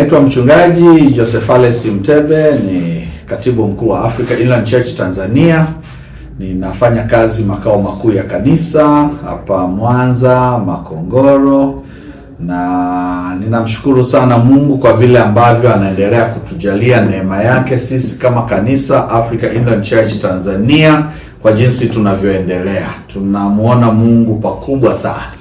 Naitwa Mchungaji Josephales Mtebe, ni katibu mkuu wa Africa Inland Church Tanzania. Ninafanya kazi makao makuu ya kanisa hapa Mwanza Makongoro, na ninamshukuru sana Mungu kwa vile ambavyo anaendelea kutujalia neema yake sisi kama kanisa Africa Inland Church Tanzania, kwa jinsi tunavyoendelea. Tunamwona Mungu pakubwa sana.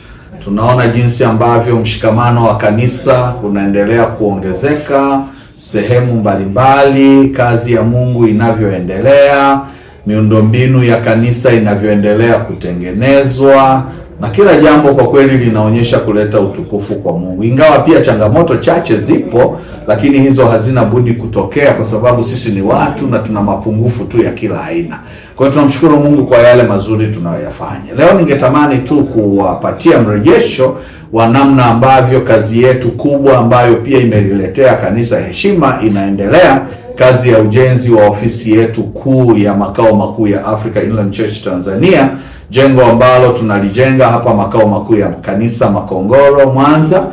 Tunaona jinsi ambavyo mshikamano wa kanisa unaendelea kuongezeka sehemu mbalimbali, kazi ya Mungu inavyoendelea, miundombinu ya kanisa inavyoendelea kutengenezwa na kila jambo kwa kweli linaonyesha kuleta utukufu kwa Mungu, ingawa pia changamoto chache zipo, lakini hizo hazina budi kutokea, kwa sababu sisi ni watu na tuna mapungufu tu ya kila aina. Kwa hiyo tunamshukuru Mungu kwa yale mazuri tunayoyafanya. Leo ningetamani tu kuwapatia mrejesho wa namna ambavyo kazi yetu kubwa ambayo pia imeliletea kanisa heshima inaendelea, kazi ya ujenzi wa ofisi yetu kuu ya makao makuu ya Africa Inland Church Tanzania jengo ambalo tunalijenga hapa makao makuu ya kanisa Makongoro Mwanza.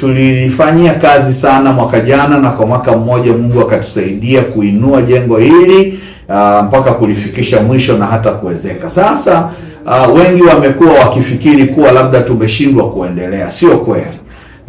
Tulilifanyia kazi sana mwaka jana, na kwa mwaka mmoja Mungu akatusaidia kuinua jengo hili uh, mpaka kulifikisha mwisho na hata kuwezeka sasa. Uh, wengi wamekuwa wakifikiri kuwa labda tumeshindwa kuendelea. Sio kweli.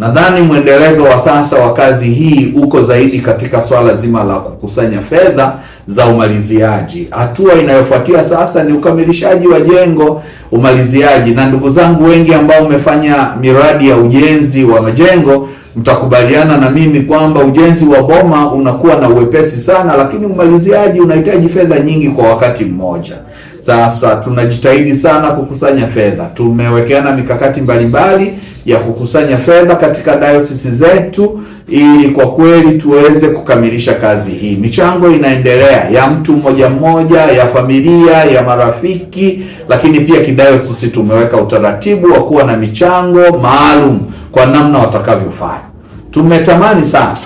Nadhani mwendelezo wa sasa wa kazi hii uko zaidi katika swala zima la kukusanya fedha za umaliziaji. Hatua inayofuatia sasa ni ukamilishaji wa jengo, umaliziaji. Na ndugu zangu wengi ambao mmefanya miradi ya ujenzi wa majengo, mtakubaliana na mimi kwamba ujenzi wa boma unakuwa na uwepesi sana, lakini umaliziaji unahitaji fedha nyingi kwa wakati mmoja. Sasa tunajitahidi sana kukusanya fedha, tumewekeana mikakati mbalimbali mbali ya kukusanya fedha katika dayosisi zetu, ili kwa kweli tuweze kukamilisha kazi hii. Michango inaendelea ya mtu mmoja mmoja, ya familia, ya marafiki, lakini pia kidayosisi tumeweka utaratibu wa kuwa na michango maalum kwa namna watakavyofanya. Tumetamani sana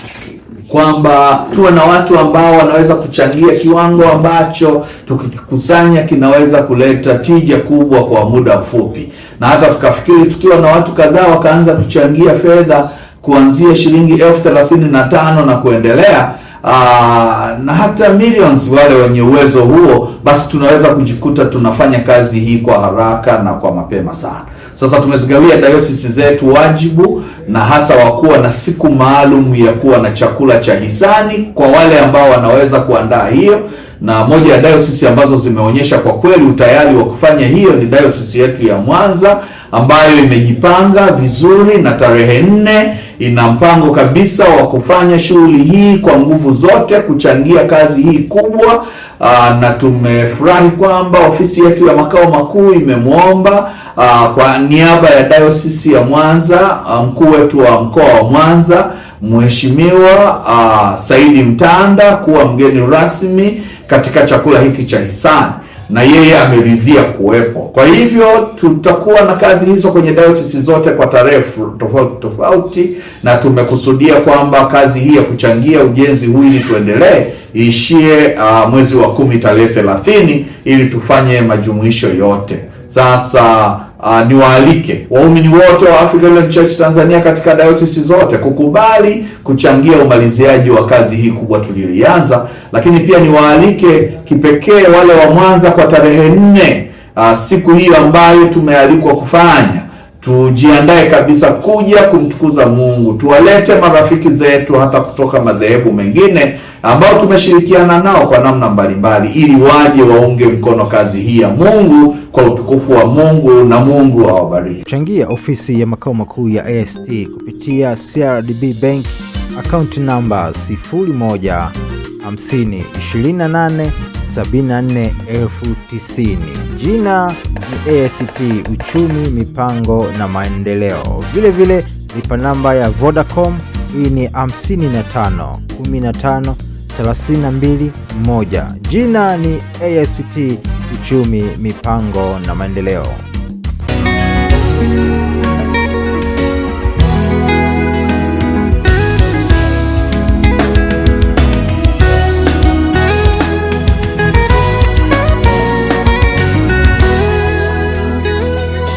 kwamba tuwe na watu ambao wanaweza kuchangia kiwango ambacho tukikusanya kinaweza kuleta tija kubwa kwa muda mfupi, na hata tukafikiri tukiwa na watu kadhaa wakaanza kuchangia fedha kuanzia shilingi elfu thelathini na tano na kuendelea Aa, ah, na hata millions wale wenye uwezo huo, basi tunaweza kujikuta tunafanya kazi hii kwa haraka na kwa mapema sana. Sasa tumezigawia dayosisi zetu wajibu na hasa wa kuwa na siku maalum ya kuwa na chakula cha hisani kwa wale ambao wanaweza kuandaa hiyo, na moja ya dayosisi ambazo zimeonyesha kwa kweli utayari wa kufanya hiyo ni dayosisi yetu ya Mwanza ambayo imejipanga vizuri na tarehe nne ina mpango kabisa wa kufanya shughuli hii kwa nguvu zote kuchangia kazi hii kubwa. Aa, ah, na tumefurahi kwamba ofisi yetu ya makao makuu imemwomba ah, kwa niaba ya Dayosisi ya Mwanza ah, mkuu wetu wa mkoa wa Mwanza Mheshimiwa Saidi Mtanda kuwa mgeni rasmi katika chakula hiki cha hisani na yeye ameridhia kuwepo. Kwa hivyo tutakuwa na kazi hizo kwenye dayosisi zote kwa tarehe tofauti tofauti, na tumekusudia kwamba kazi hii ya kuchangia ujenzi huu ili tuendelee iishie uh, mwezi wa kumi tarehe thelathini ili tufanye majumuisho yote sasa uh, niwaalike waumini wote wa African Union Church Tanzania katika dayosisi zote kukubali kuchangia umaliziaji wa kazi hii kubwa tuliyoianza, lakini pia niwaalike kipekee wale wa Mwanza kwa tarehe nne, uh, siku hiyo ambayo tumealikwa kufanya tujiandae kabisa kuja kumtukuza Mungu, tuwalete marafiki zetu hata kutoka madhehebu mengine ambao tumeshirikiana nao kwa namna mbalimbali, ili waje waunge mkono kazi hii ya Mungu kwa utukufu wa Mungu, na Mungu awabariki. Changia ofisi ya makao makuu ya ast kupitia CRDB Bank account namba 0150 28 74 elfu tisini. Jina ni ACT Uchumi, Mipango na Maendeleo. vile vile lipa namba ya Vodacom, hii ni 55 15 32 Jina ni ACT Uchumi, Mipango na Maendeleo.